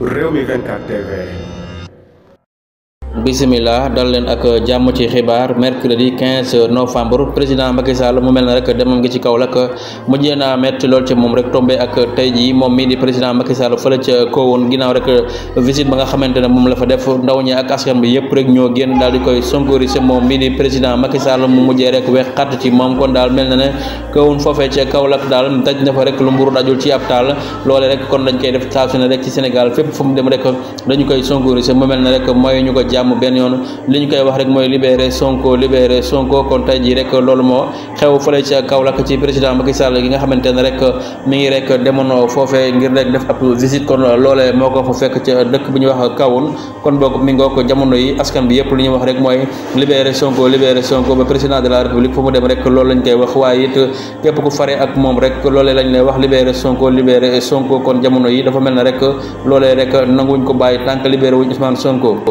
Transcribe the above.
Rewmi 24 TV bisimila dal leen ak jàmm ci xibaar mercredi 15 novembre président Macky Sall mu mel na rek demam ngi ci Kaolack mujjee naa metti lool ci moom rek di président Macky mu mujjee rek weex xatt ci moom kon daal mel na ne Kowoon foofee ca Kaolack daal daj na fa rek lu mburu dajul ci ab loole rek kon dañ koy def saa ne rek ci Sénégal fépp fu dem rek dañu koy sonkorise mu mel na rek mooy ñu ko jàmm benn yoon li ñu koy wax rek mooy libéré Sonko libéré Sonko kon tey jii rek loolu moo xew fële ca Kaolack ci président Macky Sall gi nga xamante ne rek mi ngi rek demoon foofee ngir rek def ab visite kon loolee moo ko fekk dëkk bu ñuy wax Kawoon kon boog mi ngoo ko jamono yi askan bi yëpp li ñuy wax rek mooy libéré Sonko libéré Sonko ba président la république fu mu rek loolu lañ koy wax waaye it ku fare ak moom rek loolee lañ lay wax libéré Sonko libéré Sonko kon jamono yi dafa mel ne rek loolee rek nanguñ ko bàyyi tànk libéré wuñ Ousmane Sonko